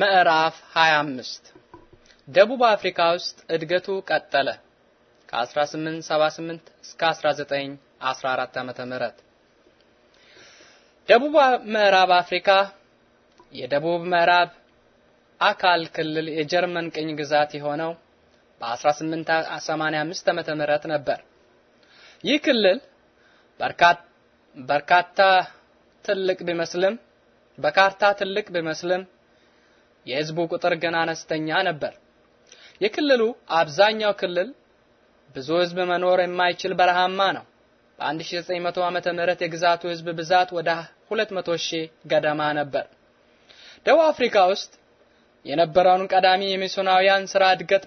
ምዕራፍ 25 ደቡብ አፍሪካ ውስጥ እድገቱ ቀጠለ። ከ1878 እስከ 1914 ዓመተ ምህረት ደቡብ ምዕራብ አፍሪካ የደቡብ ምዕራብ አካል ክልል የጀርመን ቅኝ ግዛት የሆነው በ1885 ዓመተ ምህረት ነበር። ይህ ክልል በርካታ ትልቅ ቢመስልም በካርታ ትልቅ ቢመስልም የህዝቡ ቁጥር ግን አነስተኛ ነበር። የክልሉ አብዛኛው ክልል ብዙ ህዝብ መኖር የማይችል በረሃማ ነው። በ1900 ዓመተ ምህረት የግዛቱ ህዝብ ብዛት ወደ 200 ሺህ ገደማ ነበር። ደቡብ አፍሪካ ውስጥ የነበረውን ቀዳሚ የሚስዮናውያን ስራ እድገት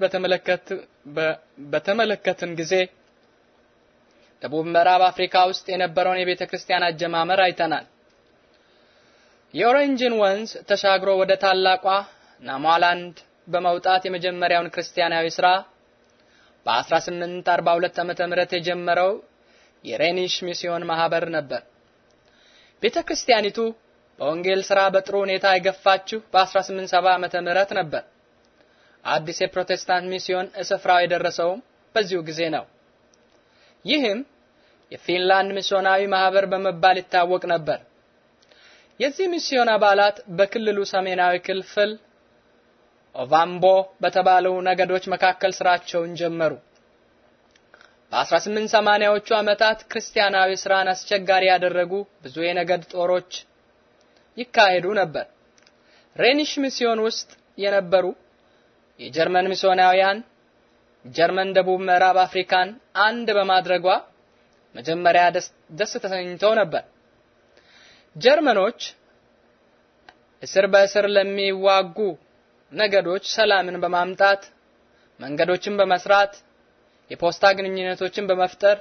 በተመለከትን ጊዜ ደቡብ ምዕራብ አፍሪካ ውስጥ የነበረውን የቤተ ክርስቲያን አጀማመር አይተናል። የኦሬንጅን ወንዝ ተሻግሮ ወደ ታላቋ ናሟላንድ በመውጣት የመጀመሪያውን ክርስቲያናዊ ስራ በ1842 ዓመተ ምህረት የጀመረው የሬኒሽ ሚስዮን ማህበር ነበር። ቤተ ክርስቲያኒቱ በወንጌል ስራ በጥሩ ሁኔታ የገፋችው በ1870 ዓመተ ምህረት ነበር። አዲስ የፕሮቴስታንት ሚስዮን ስፍራው የደረሰውም በዚሁ ጊዜ ነው። ይህም የፊንላንድ ሚስዮናዊ ማህበር በመባል ይታወቅ ነበር። የዚህ ሚስዮን አባላት በክልሉ ሰሜናዊ ክፍል ኦቫምቦ በተባሉ ነገዶች መካከል ስራቸውን ጀመሩ። በ1880ዎቹ ዓመታት ክርስቲያናዊ ስራን አስቸጋሪ ያደረጉ ብዙ የነገድ ጦሮች ይካሄዱ ነበር። ሬኒሽ ሚስዮን ውስጥ የነበሩ የጀርመን ሚስዮናውያን ጀርመን ደቡብ ምዕራብ አፍሪካን አንድ በማድረጓ መጀመሪያ ደስ ተሰኝተው ነበር። ጀርመኖች እስር በእስር ለሚዋጉ ነገዶች ሰላምን በማምጣት መንገዶችን በመስራት የፖስታ ግንኙነቶችን በመፍጠር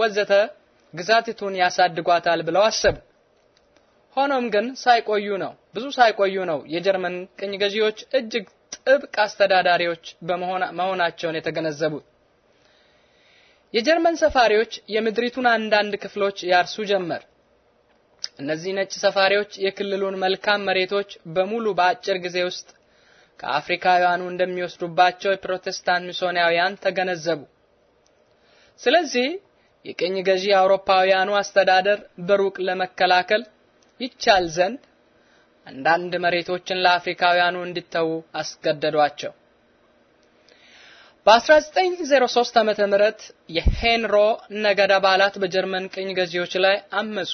ወዘተ ግዛቲቱን ያሳድጓታል ብለው አሰቡ። ሆኖም ግን ሳይቆዩ ነው ብዙ ሳይቆዩ ነው የጀርመን ቅኝ ገዢዎች እጅግ ጥብቅ አስተዳዳሪዎች መሆናቸውን የተገነዘቡት። የጀርመን ሰፋሪዎች የምድሪቱን አንዳንድ ክፍሎች ያርሱ ጀመር። እነዚህ ነጭ ሰፋሪዎች የክልሉን መልካም መሬቶች በሙሉ በአጭር ጊዜ ውስጥ ከአፍሪካውያኑ እንደሚወስዱባቸው የፕሮቴስታንት ሚስዮናውያን ተገነዘቡ። ስለዚህ የቅኝ ገዢ አውሮፓውያኑ አስተዳደር በሩቅ ለመከላከል ይቻል ዘንድ አንዳንድ መሬቶችን ለአፍሪካውያኑ እንዲተዉ አስገደዷቸው። በ1903 ዓመተ ምህረት የሄንሮ ነገድ አባላት በጀርመን ቅኝ ገዢዎች ላይ አመጹ።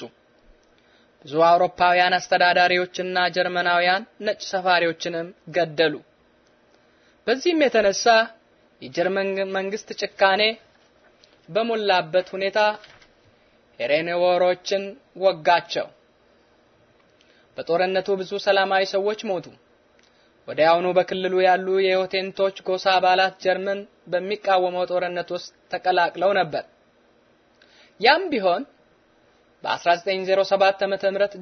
ብዙ አውሮፓውያን አስተዳዳሪዎችና ጀርመናውያን ነጭ ሰፋሪዎችንም ገደሉ። በዚህም የተነሳ የጀርመን መንግስት ጭካኔ በሞላበት ሁኔታ ሄሬኔዎሮችን ወጋቸው። በጦርነቱ ብዙ ሰላማዊ ሰዎች ሞቱ። ወዲያውኑ በክልሉ ያሉ የሆቴንቶች ጎሳ አባላት ጀርመን በሚቃወመው ጦርነት ውስጥ ተቀላቅለው ነበር። ያም ቢሆን በ1907 ዓ.ም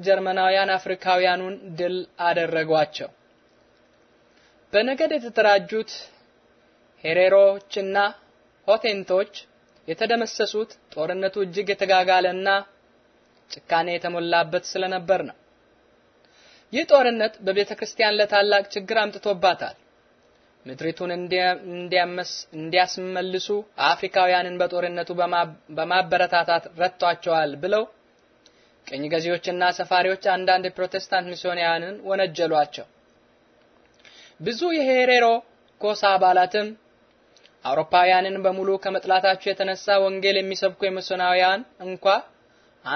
ጀርመናውያን አፍሪካውያኑን ድል አደረጓቸው። በነገድ የተደራጁት ሄሬሮችና ሆቴንቶች የተደመሰሱት ጦርነቱ እጅግ የተጋጋለና ጭካኔ የተሞላበት ስለነበር ነው። ይህ ጦርነት በቤተ ክርስቲያን ለታላቅ ችግር አምጥቶባታል። ምድሪቱን እንዲያስመልሱ አፍሪካውያንን በጦርነቱ በማበረታታት ረጥቷቸዋል ብለው ቅኝ ገዢዎችና ሰፋሪዎች አንዳንድ ፕሮቴስታንት ሚስዮናውያንን ወነጀሏቸው። ብዙ የሄሬሮ ኮሳ አባላትም አውሮፓውያንን በሙሉ ከመጥላታቸው የተነሳ ወንጌል የሚሰብኩ የሚስዮናውያን እንኳ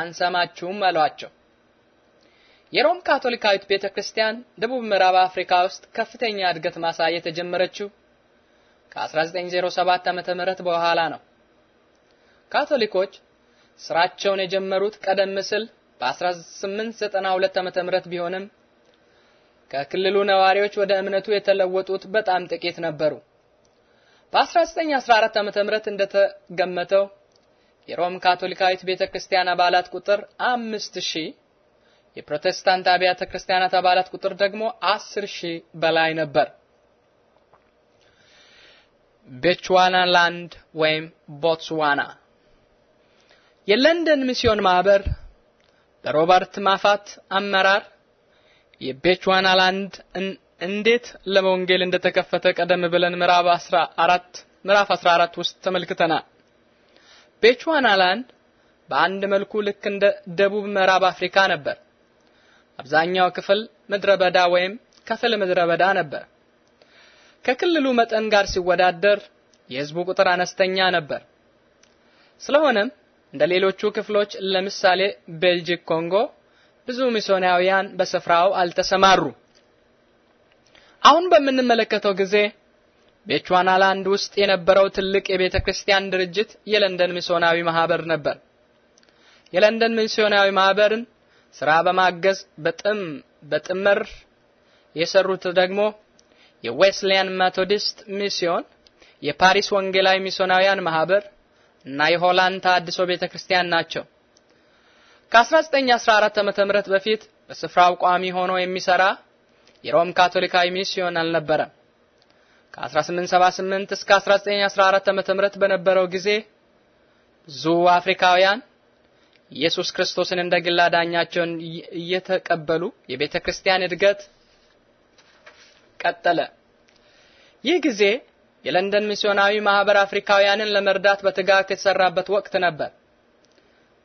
አንሰማችሁም አሏቸው። የሮም ካቶሊካዊት ቤተክርስቲያን ደቡብ ምዕራብ አፍሪካ ውስጥ ከፍተኛ እድገት ማሳየት የጀመረችው ከ1907 ዓመተ ምህረት በኋላ ነው። ካቶሊኮች ስራቸውን የጀመሩት ቀደም ሲል በ1892 ዓ.ም ቢሆንም ከክልሉ ነዋሪዎች ወደ እምነቱ የተለወጡት በጣም ጥቂት ነበሩ። በ1914 ዓ.ም እንደተገመተው የሮም ካቶሊካዊት ቤተክርስቲያን አባላት ቁጥር 5000 የፕሮቴስታንት አብያተ ክርስቲያናት አባላት ቁጥር ደግሞ 10000 በላይ ነበር። ላንድ ወይም ቦትስዋና የለንደን ሚስዮን ማህበር በሮበርት ማፋት አመራር የቤችዋናላንድ እንዴት ለወንጌል እንደተከፈተ ቀደም ብለን ምዕራፍ 14 ምዕራፍ 14 ውስጥ ተመልክተናል። ቤችዋናላንድ በአንድ መልኩ ልክ እንደ ደቡብ ምዕራብ አፍሪካ ነበር። አብዛኛው ክፍል ምድረ በዳ ወይም ከፍል ምድረ በዳ ነበር። ከክልሉ መጠን ጋር ሲወዳደር የህዝቡ ቁጥር አነስተኛ ነበር። ስለሆነም እንደ ሌሎቹ ክፍሎች ለምሳሌ ቤልጂክ ኮንጎ ብዙ ሚስዮናውያን በስፍራው አልተሰማሩ። አሁን በምንመለከተው ጊዜ በቹዋናላንድ ውስጥ የነበረው ትልቅ የቤተ ክርስቲያን ድርጅት የለንደን ሚስዮናዊ ማህበር ነበር። የለንደን ሚስዮናዊ ማህበርን ስራ በማገዝ በጥም በጥምር የሰሩት ደግሞ የዌስሊያን ሜቶዲስት ሚስዮን፣ የፓሪስ ወንጌላዊ ሚስዮናውያን ማህበር እና የሆላንድ ታድሶ ቤተክርስቲያን ናቸው። ከ1914 ዓመተ ምህረት በፊት በስፍራው ቋሚ ሆኖ የሚሰራ የሮም ካቶሊካዊ ሚስዮን አልነበረም። ከ1878 እስከ 1914 ዓመተ ምህረት በነበረው ጊዜ ብዙ አፍሪካውያን ኢየሱስ ክርስቶስን እንደ ግል አዳኛቸውን እየተቀበሉ የቤተ ክርስቲያን እድገት ቀጠለ። ይህ ጊዜ የለንደን ሚስዮናዊ ማህበር አፍሪካውያንን ለመርዳት በትጋት የተሰራበት ወቅት ነበር።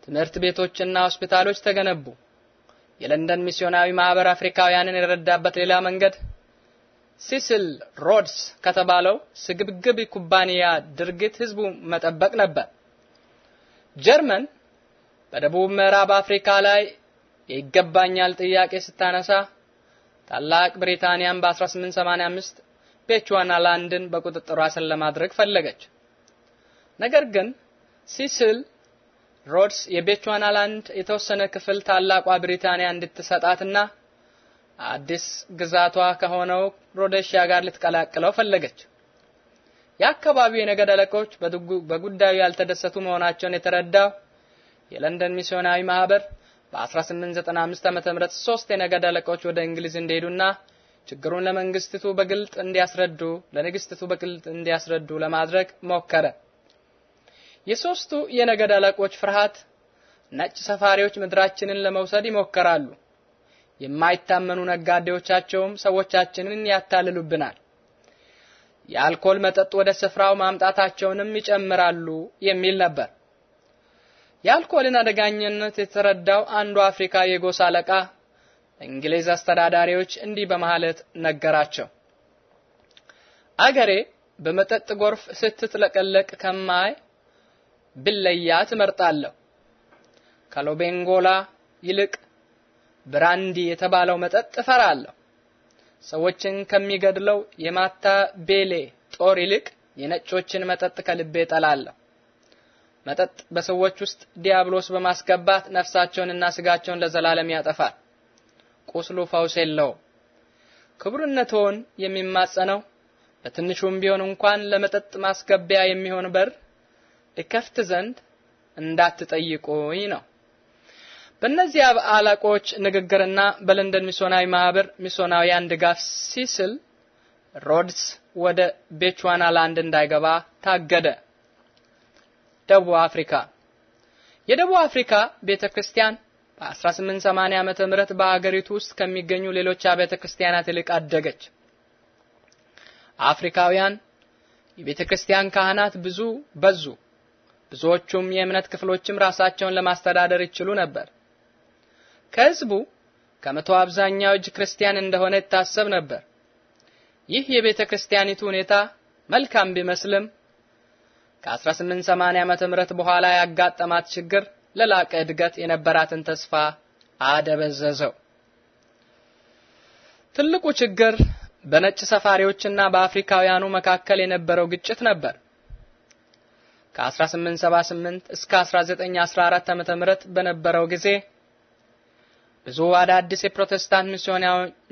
ትምህርት ቤቶችና ሆስፒታሎች ተገነቡ። የለንደን ሚስዮናዊ ማህበር አፍሪካውያንን የረዳበት ሌላ መንገድ ሲሲል ሮድስ ከተባለው ስግብግብ ኩባንያ ድርጊት ህዝቡ መጠበቅ ነበር። ጀርመን በደቡብ ምዕራብ አፍሪካ ላይ የይገባኛል ጥያቄ ስታነሳ ታላቅ ብሪታንያን በ1885 ቤቿና ላንድን በቁጥጥሯ ስር ለማድረግ ፈለገች። ነገር ግን ሲስል ሮድስ የቤቿና ላንድ የተወሰነ ክፍል ታላቋ ብሪታንያ እንድትሰጣትና አዲስ ግዛቷ ከሆነው ሮዴሽያ ጋር ልትቀላቅለው ፈለገች። የአካባቢው የነገድ አለቆች በጉዳዩ ያልተደሰቱ መሆናቸውን የተረዳው የለንደን ሚስዮናዊ ማህበር በ1895 ዓ.ም ሶስት የነገድ አለቆች ወደ እንግሊዝ እንደሄዱና ችግሩን ለመንግስትቱ በግልጥ እንዲያስረዱ ለንግስትቱ በግልጥ እንዲያስረዱ ለማድረግ ሞከረ። የሶስቱ የነገድ አለቆች ፍርሃት ነጭ ሰፋሪዎች ምድራችንን ለመውሰድ ይሞከራሉ፣ የማይታመኑ ነጋዴዎቻቸውም ሰዎቻችንን ያታልሉብናል፣ የአልኮል መጠጥ ወደ ስፍራው ማምጣታቸውንም ይጨምራሉ የሚል ነበር። የአልኮልን አደጋኝነት የተረዳው አንዱ አፍሪካ የጎሳ አለቃ እንግሊዝ አስተዳዳሪዎች እንዲህ በማለት ነገራቸው። አገሬ በመጠጥ ጎርፍ ስትጥለቀለቅ ከማይ ብለያ ትመርጣለሁ። ከሎቤንጎላ ይልቅ ብራንዲ የተባለው መጠጥ እፈራለሁ። ሰዎችን ከሚገድለው የማታ ቤሌ ጦር ይልቅ የነጮችን መጠጥ ከልቤ እጠላለሁ። መጠጥ በሰዎች ውስጥ ዲያብሎስ በማስገባት ነፍሳቸውንና ስጋቸውን ለዘላለም ያጠፋል። ቁስሉ ፈውስ የለውም። ክቡርነቶን የሚማጸነው በትንሹም ቢሆን እንኳን ለመጠጥ ማስገቢያ የሚሆን በር እከፍት ዘንድ እንዳትጠይቁኝ ነው። በእነዚያ አለቆች ንግግርና በለንደን ሚሶናዊ ማህበር ሚስዮናውያን ድጋፍ ሲስል ሮድስ ወደ ላንድ እንዳይገባ ታገደ። ደቡብ አፍሪካ የደቡብ አፍሪካ ቤተክርስቲያን በ1880 ዓመተ ምህረት በአገሪቱ ውስጥ ከሚገኙ ሌሎች አብያተ ክርስቲያናት ይልቅ አደገች። አፍሪካውያን የቤተ ክርስቲያን ካህናት ብዙ በዙ። ብዙዎቹም የእምነት ክፍሎችም ራሳቸውን ለማስተዳደር ይችሉ ነበር። ከህዝቡ ከመቶ አብዛኛው እጅ ክርስቲያን እንደሆነ ይታሰብ ነበር። ይህ የቤተ ክርስቲያኒቱ ሁኔታ መልካም ቢመስልም ከ1880 ዓመተ ምህረት በኋላ ያጋጠማት ችግር ለላቀ እድገት የነበራትን ተስፋ አደበዘዘው። ትልቁ ችግር በነጭ ሰፋሪዎችና በአፍሪካውያኑ መካከል የነበረው ግጭት ነበር። ከ1878 እስከ 1914 ዓ.ም በነበረው ጊዜ ብዙ አዳዲስ የፕሮቴስታንት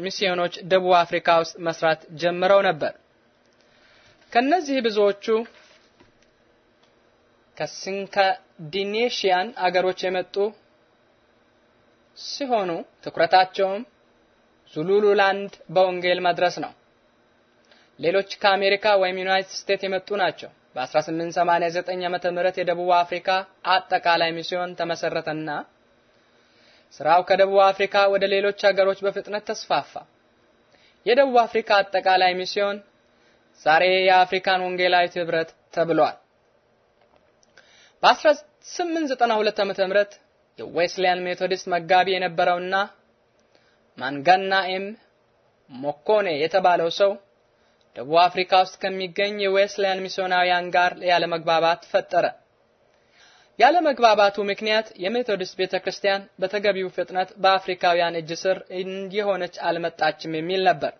ሚስዮኖች ደቡብ አፍሪካ ውስጥ መስራት ጀምረው ነበር። ከነዚህ ብዙዎቹ ከሲንካዲኔሽያን አገሮች የመጡ ሲሆኑ ትኩረታቸውም ዙሉሉላንድ በወንጌል መድረስ ነው። ሌሎች ከአሜሪካ ወይም ዩናይትድ ስቴትስ የመጡ ናቸው። በ1889 ዓመተ ምህረት የደቡብ አፍሪካ አጠቃላይ ሚስዮን ተመሰረተና ስራው ከደቡብ አፍሪካ ወደ ሌሎች ሀገሮች በፍጥነት ተስፋፋ። የደቡብ አፍሪካ አጠቃላይ ሚስዮን ዛሬ የአፍሪካን ወንጌላዊት ህብረት ተብሏል። በ1892 ዓመተ ምህረት የዌስሊያን ሜቶዲስት መጋቢ የነበረውና ማንጋና ኤም ሞኮኔ የተባለው ሰው ደቡብ አፍሪካ ውስጥ ከሚገኝ የዌስሊያን ሚስዮናውያን ጋር ያለመግባባት ፈጠረ። ያለ መግባባቱ ምክንያት የሜቶዲስት ቤተክርስቲያን በተገቢው ፍጥነት በአፍሪካውያን እጅ ስር እንዲሆነች አልመጣችም የሚል ነበር።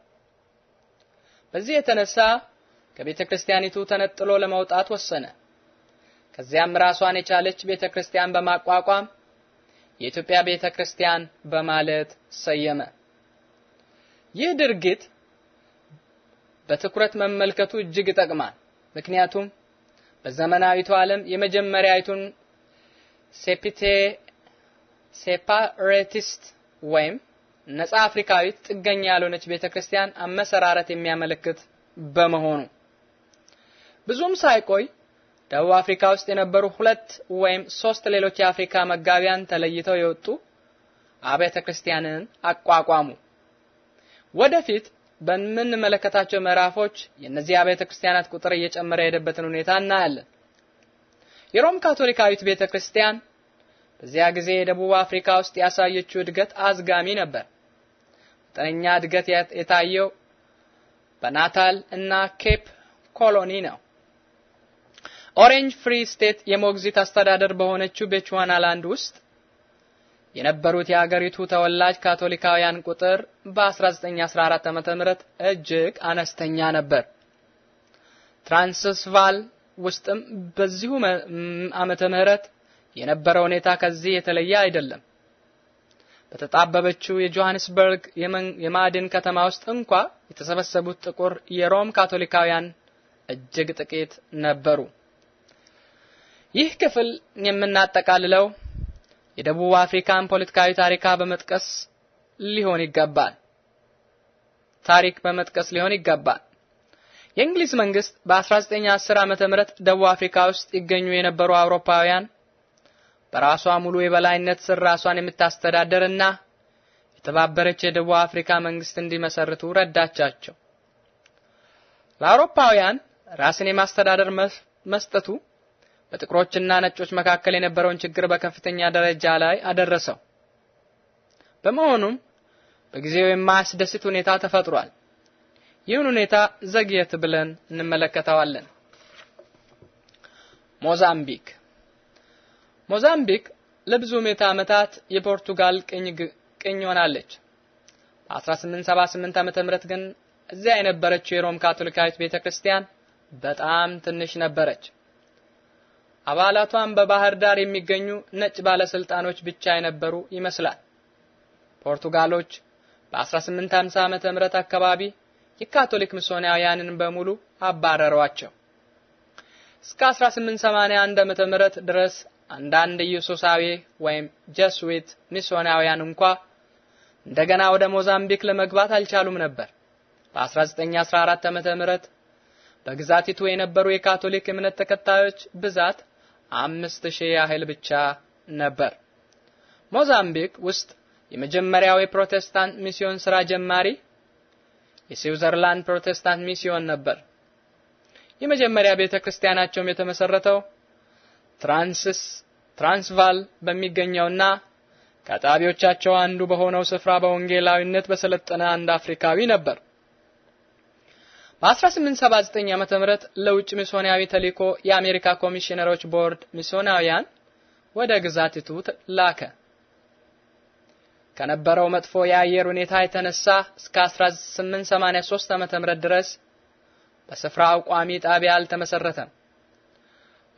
በዚህ የተነሳ ከቤተክርስቲያኒቱ ተነጥሎ ለመውጣት ወሰነ። ከዚያም ራሷን የቻለች ቤተ ክርስቲያን በማቋቋም የኢትዮጵያ ቤተ ክርስቲያን በማለት ሰየመ። ይህ ድርጊት በትኩረት መመልከቱ እጅግ ይጠቅማል። ምክንያቱም በዘመናዊቱ ዓለም የመጀመሪያዊቱን ሴፒቴ ሴፓሬቲስት ወይም ነጻ አፍሪካዊት ጥገኛ ያልሆነች ቤተ ክርስቲያን አመሰራረት የሚያመለክት በመሆኑ ብዙም ሳይቆይ ደቡብ አፍሪካ ውስጥ የነበሩ ሁለት ወይም ሶስት ሌሎች የአፍሪካ መጋቢያን ተለይተው የወጡ አብያተ ክርስቲያንን አቋቋሙ። ወደፊት በምንመለከታቸው ምዕራፎች የእነዚህ አብያተ ክርስቲያናት ቁጥር እየጨመረ የሄደበትን ሁኔታ እናያለን። የሮም ካቶሊካዊት ቤተ ክርስቲያን በዚያ ጊዜ የደቡብ አፍሪካ ውስጥ ያሳየችው እድገት አዝጋሚ ነበር። መጠነኛ እድገት የታየው በናታል እና ኬፕ ኮሎኒ ነው። ኦሬንጅ ፍሪ ስቴት የሞግዚት አስተዳደር በሆነችው ቤቹዋናላንድ ውስጥ የነበሩት የአገሪቱ ተወላጅ ካቶሊካውያን ቁጥር በ1914 ዓ.ም እጅግ አነስተኛ ነበር። ትራንስቫል ውስጥም በዚሁ ዓመተ ምህረት የነበረው ሁኔታ ከዚህ የተለየ አይደለም። በተጣበበችው የጆሃንስበርግ የማዕድን ከተማ ውስጥ እንኳ የተሰበሰቡት ጥቁር የሮም ካቶሊካውያን እጅግ ጥቂት ነበሩ። ይህ ክፍል የምናጠቃልለው የደቡብ አፍሪካን ፖለቲካዊ ታሪካ በመጥቀስ ሊሆን ይገባል ታሪክ በመጥቀስ ሊሆን ይገባል። የእንግሊዝ መንግስት በ1910 ዓመተ ምህረት ደቡብ አፍሪካ ውስጥ ይገኙ የነበሩ አውሮፓውያን በራሷ ሙሉ የበላይነት ስር ራሷን የምታስተዳደርና የተባበረች የደቡብ አፍሪካ መንግስት እንዲመሰርቱ ረዳቻቸው። ለአውሮፓውያን ራስን የማስተዳደር መስጠቱ በጥቁሮችና ነጮች መካከል የነበረውን ችግር በከፍተኛ ደረጃ ላይ አደረሰው። በመሆኑም በጊዜው የማያስደስት ሁኔታ ተፈጥሯል። ይህን ሁኔታ ዘግየት ብለን እንመለከተዋለን። ሞዛምቢክ ሞዛምቢክ ለብዙ ሜታ ዓመታት የፖርቱጋል ቅኝ ቅኝ ሆናለች። በ1878 ዓመተ ምህረት ግን እዚያ የነበረችው የሮም ካቶሊካዊት ቤተክርስቲያን በጣም ትንሽ ነበረች። አባላቷን በባህር ዳር የሚገኙ ነጭ ባለስልጣኖች ብቻ የነበሩ ይመስላል። ፖርቱጋሎች በ1850 ዓመተ ምህረት አካባቢ የካቶሊክ ሚስዮናውያንን በሙሉ አባረሯቸው። እስከ 1881 ዓመተ ምህረት ድረስ አንዳንድ ኢየሱሳዊ ወይም ጀስዊት ሚስዮናውያን እንኳ እንደገና ወደ ሞዛምቢክ ለመግባት አልቻሉም ነበር። በ1914 ዓመተ ምህረት በግዛቲቱ የነበሩ የካቶሊክ እምነት ተከታዮች ብዛት አምስት ሺህ ያህል ብቻ ነበር። ሞዛምቢክ ውስጥ የመጀመሪያው የፕሮቴስታንት ሚስዮን ስራ ጀማሪ የስዊዘርላንድ ፕሮቴስታንት ሚስዮን ነበር። የመጀመሪያ ቤተ ክርስቲያናቸውም የተመሰረተው ትራንስስ ትራንስቫል በሚገኘውና ከጣቢዎቻቸው አንዱ በሆነው ስፍራ በወንጌላዊነት በሰለጠነ አንድ አፍሪካዊ ነበር። በ1879 ዓ.ም ለውጭ ሚስዮናዊ ተልእኮ የአሜሪካ ኮሚሽነሮች ቦርድ ሚስዮናውያን ወደ ግዛቲቱ ላከ። ከነበረው መጥፎ የአየር ሁኔታ የተነሳ እስከ 1883 ዓ.ም ድረስ በስፍራው ቋሚ ጣቢያ አልተመሰረተም።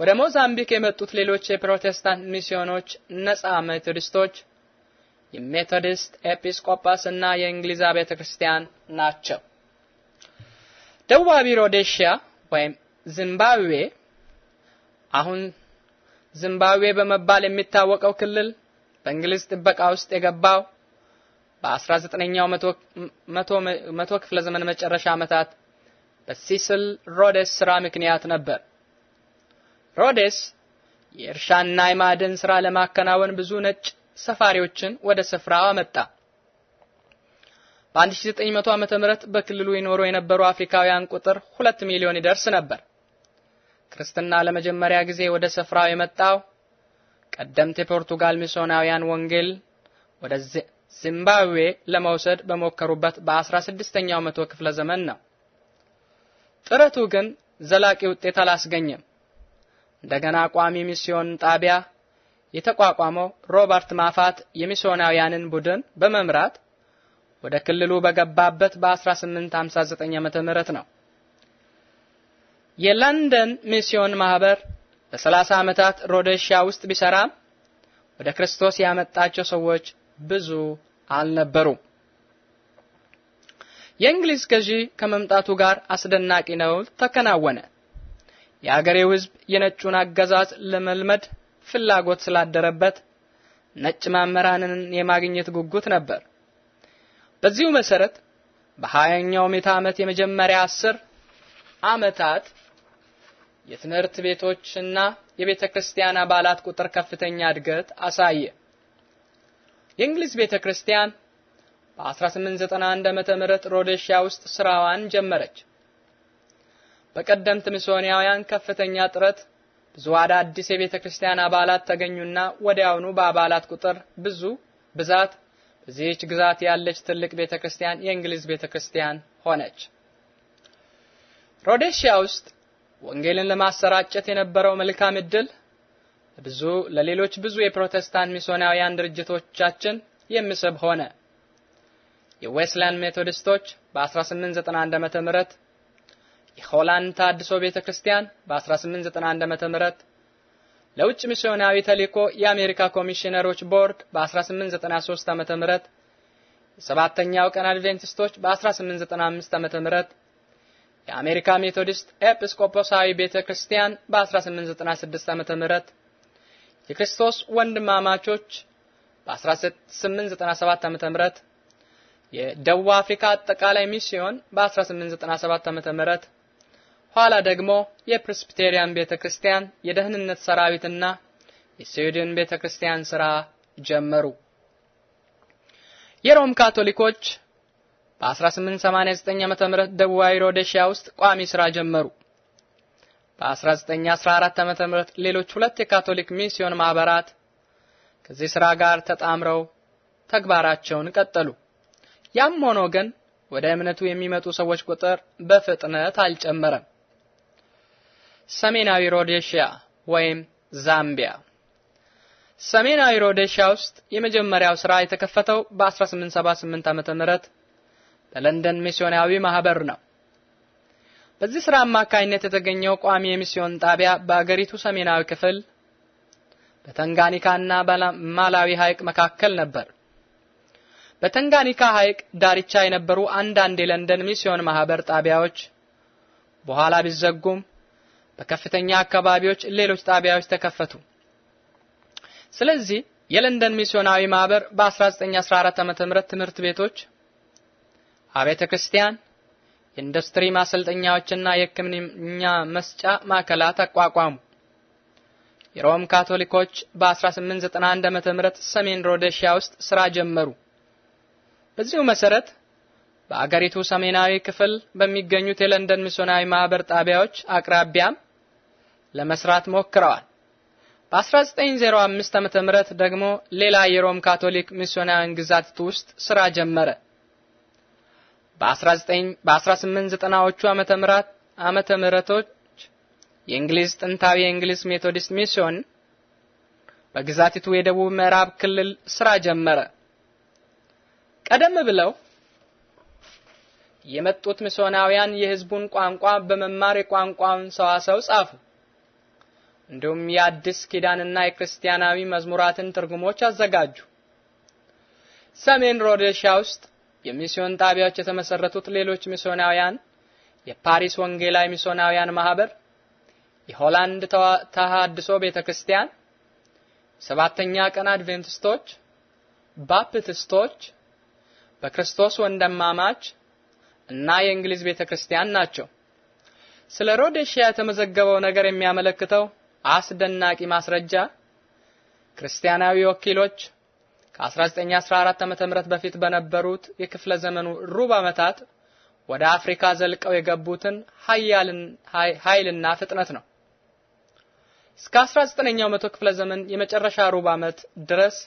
ወደ ሞዛምቢክ የመጡት ሌሎች የፕሮቴስታንት ሚስዮኖች ነጻ ሜቶዲስቶች፣ የሜቶዲስት ኤጲስቆጶስ እና የእንግሊዛ ቤተክርስቲያን ናቸው። ደቡባዊ ሮዴሽያ ወይም ዚምባብዌ አሁን ዚምባብዌ በመባል የሚታወቀው ክልል በእንግሊዝ ጥበቃ ውስጥ የገባው በ19ኛው መቶ ክፍለ ዘመን መጨረሻ ዓመታት በሲስል ሮዴስ ስራ ምክንያት ነበር። ሮዴስ የእርሻና የማዕድን ስራ ለማከናወን ብዙ ነጭ ሰፋሪዎችን ወደ ስፍራው አመጣ። በ1900 ዓመተ ምህረት በክልሉ ይኖሩ የነበሩ አፍሪካውያን ቁጥር 2 ሚሊዮን ይደርስ ነበር። ክርስትና ለመጀመሪያ ጊዜ ወደ ስፍራው የመጣው ቀደምት የፖርቱጋል ሚስዮናውያን ወንጌል ወደ ዚምባብዌ ለመውሰድ በሞከሩበት በ16ኛው መቶ ክፍለ ዘመን ነው። ጥረቱ ግን ዘላቂ ውጤት አላስገኘም። እንደገና ቋሚ ሚስዮን ጣቢያ የተቋቋመው ሮበርት ማፋት የሚስዮናውያንን ቡድን በመምራት ወደ ክልሉ በገባበት በ1859 ዓመተ ምህረት ነው። የለንደን ሚስዮን ማህበር ለ30 ዓመታት ሮደሻ ውስጥ ቢሰራም ወደ ክርስቶስ ያመጣቸው ሰዎች ብዙ አልነበሩም። የእንግሊዝ ገዢ ከመምጣቱ ጋር አስደናቂ ነው ተከናወነ። የአገሬው ሕዝብ የነጩን አገዛዝ ለመልመድ ፍላጎት ስላደረበት ነጭ መምህራንን የማግኘት ጉጉት ነበር። በዚሁ መሰረት በ2ኛው ምዕተ ዓመት የመጀመሪያ አስር ዓመታት የትምህርት ቤቶችና የቤተ ክርስቲያን አባላት ቁጥር ከፍተኛ እድገት አሳየ። የእንግሊዝ ቤተ ክርስቲያን በ1891 ዓመተ ምህረት ሮዴሽያ ውስጥ ስራዋን ጀመረች። በቀደምት ሚስዮናውያን ከፍተኛ ጥረት ብዙ አዳዲስ የቤተ ክርስቲያን አባላት ተገኙና ወዲያውኑ በአባላት ቁጥር ብዙ ብዛት በዚህች ግዛት ያለች ትልቅ ቤተክርስቲያን የእንግሊዝ ቤተክርስቲያን ሆነች። ሮዴሽያ ውስጥ ወንጌልን ለማሰራጨት የነበረው መልካም እድል ብዙ ለሌሎች ብዙ የፕሮቴስታንት ሚስዮናውያን ድርጅቶቻችን የሚስብ ሆነ። የዌስትላንድ ሜቶዲስቶች በ1891 ዓመተ ምህረት የሆላንድ ታድሶ ቤተክርስቲያን በ1891 ዓመተ ምህረት ለውጭ ሚስዮናዊ ተልእኮ የአሜሪካ ኮሚሽነሮች ቦርድ በ1893 ዓመተ ምህረት የሰባተኛው ቀን አድቬንቲስቶች በ1895 ዓመተ ምህረት የአሜሪካ ሜቶዲስት ኤጲስቆጶሳዊ ቤተ ክርስቲያን በ1896 ዓመተ ምህረት የክርስቶስ ወንድማማቾች በ1897 ዓመተ ምህረት የደቡብ አፍሪካ አጠቃላይ ሚስዮን በ1897 ዓመተ ምህረት ኋላ ደግሞ የፕሬስቢቴሪያን ቤተክርስቲያን የደህንነት ሰራዊትና የስዊድን ቤተክርስቲያን ስራ ጀመሩ። የሮም ካቶሊኮች በ1889 ዓም ደቡብ ደቡባዊ ውስጥ ቋሚ ስራ ጀመሩ። በ1914 ዓ.ም ሌሎች ሁለት የካቶሊክ ሚስዮን ማህበራት ከዚህ ስራ ጋር ተጣምረው ተግባራቸውን ቀጠሉ። ያም ሆኖ ግን ወደ እምነቱ የሚመጡ ሰዎች ቁጥር በፍጥነት አልጨመረም። ሰሜናዊ ሮዴሽያ ወይም ዛምቢያ ሰሜናዊ ሮዴሽያ ውስጥ የመጀመሪያው ስራ የተከፈተው በ1878 ዓመተ ምህረት በለንደን ሚስዮናዊ ማህበር ነው። በዚህ ስራ አማካኝነት የተገኘው ቋሚ የሚስዮን ጣቢያ በአገሪቱ ሰሜናዊ ክፍል በተንጋኒካና ማላዊ ሐይቅ መካከል ነበር። በተንጋኒካ ሐይቅ ዳርቻ የነበሩ አንዳንድ የለንደን ሚስዮን ማህበር ጣቢያዎች በኋላ ቢዘጉም በከፍተኛ አካባቢዎች ሌሎች ጣቢያዎች ተከፈቱ። ስለዚህ የለንደን ሚስዮናዊ ማህበር በ1914 ዓ.ም ትምህርት ቤቶች፣ አቤተ ክርስቲያን፣ የኢንዱስትሪ ማሰልጠኛዎችና የሕክምና መስጫ ማዕከላት አቋቋሙ። የሮም ካቶሊኮች በ1891 ዓ.ም ሰሜን ሮዴሺያ ውስጥ ስራ ጀመሩ። በዚሁ መሰረት በአገሪቱ ሰሜናዊ ክፍል በሚገኙት የለንደን ሚስዮናዊ ማህበር ጣቢያዎች አቅራቢያም ለመስራት ሞክረዋል። በ1905 ዓመተ ምህረት ደግሞ ሌላ የሮም ካቶሊክ ሚስዮናውያን ግዛት ውስጥ ስራ ጀመረ። በ1890ዎቹ ዓመተ ምህረት ዓመተ ምህረቶች የእንግሊዝ ጥንታዊ የእንግሊዝ ሜቶዲስት ሚስዮን በግዛቲቱ የደቡብ ምዕራብ ክልል ስራ ጀመረ። ቀደም ብለው የመጡት ሚስዮናውያን የህዝቡን ቋንቋ በመማር የቋንቋውን ሰዋሰው ጻፉ። እንዲሁም የአዲስ ኪዳንና የክርስቲያናዊ መዝሙራትን ትርጉሞች አዘጋጁ። ሰሜን ሮዴሻ ውስጥ የሚስዮን ጣቢያዎች የተመሰረቱት ሌሎች ሚስዮናውያን የፓሪስ ወንጌላዊ ሚስዮናውያን ማህበር፣ የሆላንድ ተሃድሶ ቤተክርስቲያን፣ ሰባተኛ ቀን አድቬንቲስቶች፣ ባፕቲስቶች፣ በክርስቶስ ወንድማማች እና የእንግሊዝ ቤተክርስቲያን ናቸው። ስለ ሮዴሺያ የተመዘገበው ነገር የሚያመለክተው አስደናቂ ማስረጃ ክርስቲያናዊ ወኪሎች ከ1914 ዓ.ም በፊት በነበሩት የክፍለ ዘመኑ ሩብ ዓመታት ወደ አፍሪካ ዘልቀው የገቡትን ኃይልና ፍጥነት ነው። እስከ 19ኛው መቶ ክፍለ ዘመን የመጨረሻ ሩብ ዓመት ድረስ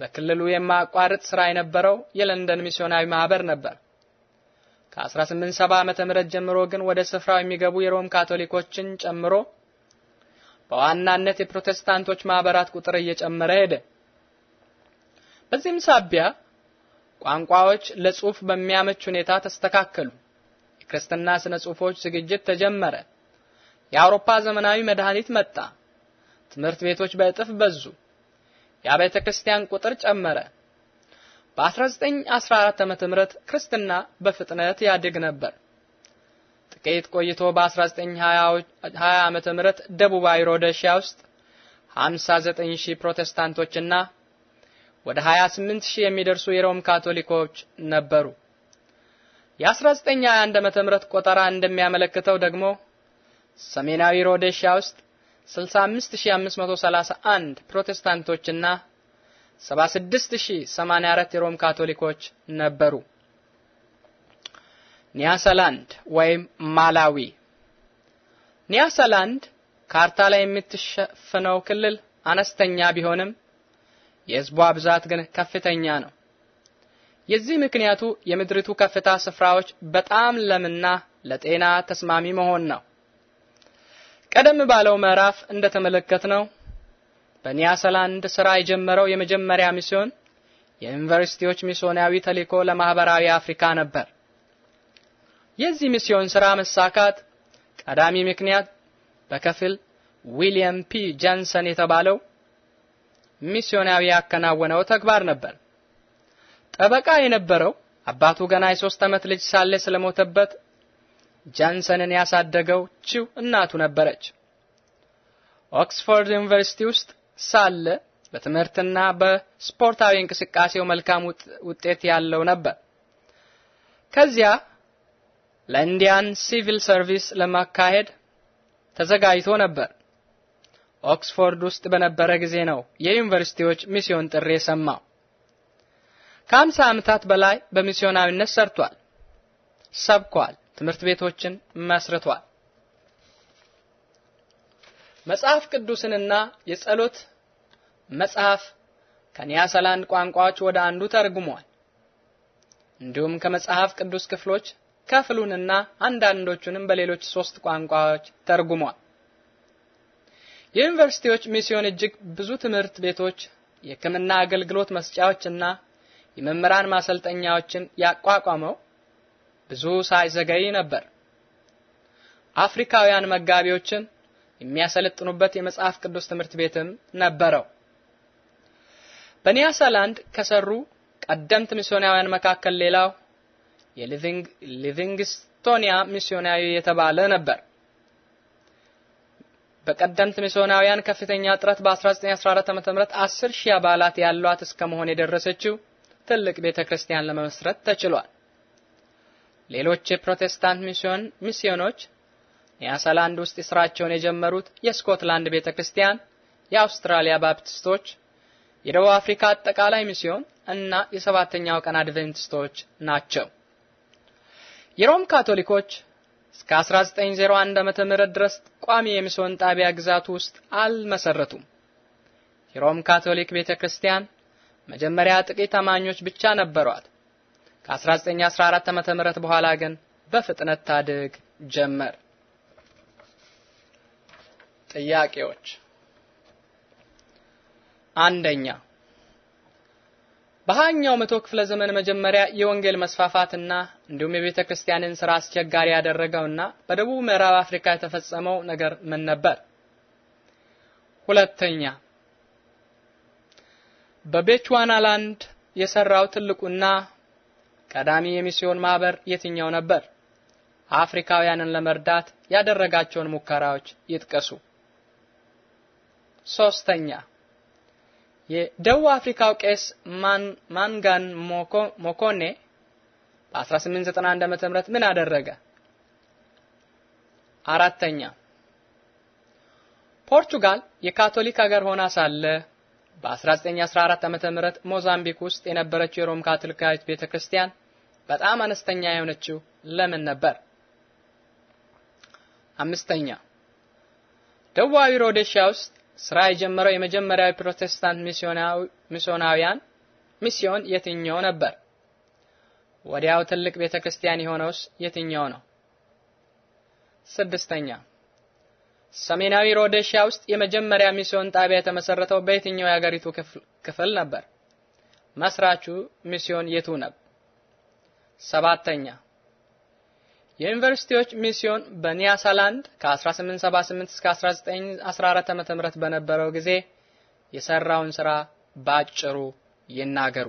በክልሉ የማቋርጥ ስራ የነበረው የለንደን ሚስዮናዊ ማህበር ነበር። ከ1870 ዓ.ም ጀምሮ ግን ወደ ስፍራው የሚገቡ የሮም ካቶሊኮችን ጨምሮ በዋናነት የፕሮቴስታንቶች ማህበራት ቁጥር እየጨመረ ሄደ። በዚህም ሳቢያ ቋንቋዎች ለጽሑፍ በሚያመች ሁኔታ ተስተካከሉ። የክርስትና ስነ ጽሑፎች ዝግጅት ተጀመረ። የአውሮፓ ዘመናዊ መድኃኒት መጣ። ትምህርት ቤቶች በእጥፍ በዙ። የአብያተ ክርስቲያን ቁጥር ጨመረ። በ1914 ዓ.ም ክርስትና በፍጥነት ያድግ ነበር። ጥቂት ቆይቶ በ1920 ዓመተ ምህረት ደቡባዊ ሮዴሺያ ውስጥ 59000 ፕሮቴስታንቶችና ወደ 28000 የሚደርሱ የሮም ካቶሊኮች ነበሩ። የ1921 ዓመተ ምህረት ቆጠራ እንደሚያመለክተው ደግሞ ሰሜናዊ ሮዴሺያ ውስጥ 65531 ፕሮቴስታንቶችና 76084 የሮም ካቶሊኮች ነበሩ። ኒያሰላንድ ወይም ማላዊ ኒያሰላንድ ካርታ ላይ የምትሸፍነው ክልል አነስተኛ ቢሆንም የህዝቧ ብዛት ግን ከፍተኛ ነው። የዚህ ምክንያቱ የምድሪቱ ከፍታ ስፍራዎች በጣም ለምና ለጤና ተስማሚ መሆን ነው። ቀደም ባለው ምዕራፍ እንደተመለከትነው በኒያሰላንድ ስራ የጀመረው የመጀመሪያ ሚስዮን የዩኒቨርሲቲዎች ሚስዮናዊ ተልዕኮ ለማህበራዊ አፍሪካ ነበር። የዚህ ሚስዮን ሥራ መሳካት ቀዳሚ ምክንያት በከፊል ዊሊያም ፒ ጃንሰን የተባለው ሚስዮናዊ ያከናወነው ተግባር ነበር። ጠበቃ የነበረው አባቱ ገና የሶስት ዓመት ልጅ ሳለ ስለሞተበት ጃንሰንን ያሳደገችው እናቱ ነበረች። ኦክስፎርድ ዩኒቨርሲቲ ውስጥ ሳለ በትምህርትና በስፖርታዊ እንቅስቃሴው መልካም ውጤት ያለው ነበር። ከዚያ ለኢንዲያን ሲቪል ሰርቪስ ለማካሄድ ተዘጋጅቶ ነበር። ኦክስፎርድ ውስጥ በነበረ ጊዜ ነው የዩኒቨርሲቲዎች ሚስዮን ጥሪ የሰማው። ከአምሳ ዓመታት በላይ በሚስዮናዊነት ሰርቷል፣ ሰብኳል፣ ትምህርት ቤቶችን መስርቷል። መጽሐፍ ቅዱስንና የጸሎት መጽሐፍ ከኒያሰላንድ ቋንቋዎች ወደ አንዱ ተርጉሟል። እንዲሁም ከመጽሐፍ ቅዱስ ክፍሎች ክፍሉንና አንዳንዶቹንም በሌሎች ሶስት ቋንቋዎች ተርጉሟል። የዩኒቨርሲቲዎች ሚስዮን እጅግ ብዙ ትምህርት ቤቶች፣ የሕክምና አገልግሎት መስጫዎችና የመምህራን ማሰልጠኛዎችን ያቋቋመው ብዙ ሳይዘገይ ነበር። አፍሪካውያን መጋቢዎችን የሚያሰለጥኑበት የመጽሐፍ ቅዱስ ትምህርት ቤትም ነበረው። በኒያሳላንድ ከሰሩ ቀደምት ሚስዮናውያን መካከል ሌላው የሊቪንግ ሊቪንግስቶኒያ ሚስዮናዊ የተባለ ነበር። በቀደምት ሚስዮናውያን ከፍተኛ ጥረት በ1914 ዓ.ም 10 ሺህ አባላት ያሏት እስከ መሆን የደረሰችው ትልቅ ቤተክርስቲያን ለመመስረት ተችሏል። ሌሎች የፕሮቴስታንት ሚስዮን ሚስዮኖች ኒያሰላንድ ውስጥ ስራቸውን የጀመሩት የስኮትላንድ ቤተክርስቲያን፣ የአውስትራሊያ ባፕቲስቶች፣ የደቡብ አፍሪካ አጠቃላይ ሚስዮን እና የሰባተኛው ቀን አድቬንቲስቶች ናቸው። የሮም ካቶሊኮች እስከ 1901 ዓመተ ምህረት ድረስ ቋሚ የሚስዮን ጣቢያ ግዛቱ ውስጥ አልመሰረቱም። የሮም ካቶሊክ ቤተክርስቲያን መጀመሪያ ጥቂት አማኞች ብቻ ነበሯት። ከ1914 ዓመተ ምህረት በኋላ ግን በፍጥነት ታድግ ጀመር። ጥያቄዎች አንደኛ በሃያኛው መቶ ክፍለ ዘመን መጀመሪያ የወንጌል መስፋፋትና እንዲሁም የቤተ ክርስቲያንን ስራ አስቸጋሪ ያደረገውና በደቡብ ምዕራብ አፍሪካ የተፈጸመው ነገር ምን ነበር? ሁለተኛ በቤቹዋናላንድ የሰራው ትልቁና ቀዳሚ የሚስዮን ማህበር የትኛው ነበር? አፍሪካውያንን ለመርዳት ያደረጋቸውን ሙከራዎች ይጥቀሱ። ሶስተኛ የደቡብ አፍሪካው ቄስ ማንጋን ሞኮኔ በ1891 ዓ.ም ምን አደረገ? አራተኛ ፖርቹጋል የካቶሊክ ሀገር ሆና ሳለ በ1914 ዓ.ም ሞዛምቢክ ውስጥ የነበረችው የሮም ካቶሊካዊት ቤተክርስቲያን በጣም አነስተኛ የሆነችው ለምን ነበር? አምስተኛ ደቡባዊ ሮዴሻ ውስጥ ስራ የጀመረው የመጀመሪያው ፕሮቴስታንት ሚስዮናውያን ሚስዮን የትኛው ነበር? ወዲያው ትልቅ ቤተክርስቲያን የሆነውስ የትኛው ነው? ስድስተኛ ሰሜናዊ ሮደሻ ውስጥ የመጀመሪያ ሚስዮን ጣቢያ የተመሰረተው በየትኛው የሀገሪቱ ክፍል ነበር? መስራቹ ሚስዮን የቱ ነበር? ሰባተኛ የዩኒቨርሲቲዎች ሚስዮን በኒያሳላንድ ከ1878 እስከ 1914 ዓ.ም በነበረው ጊዜ የሰራውን ስራ ባጭሩ ይናገሩ።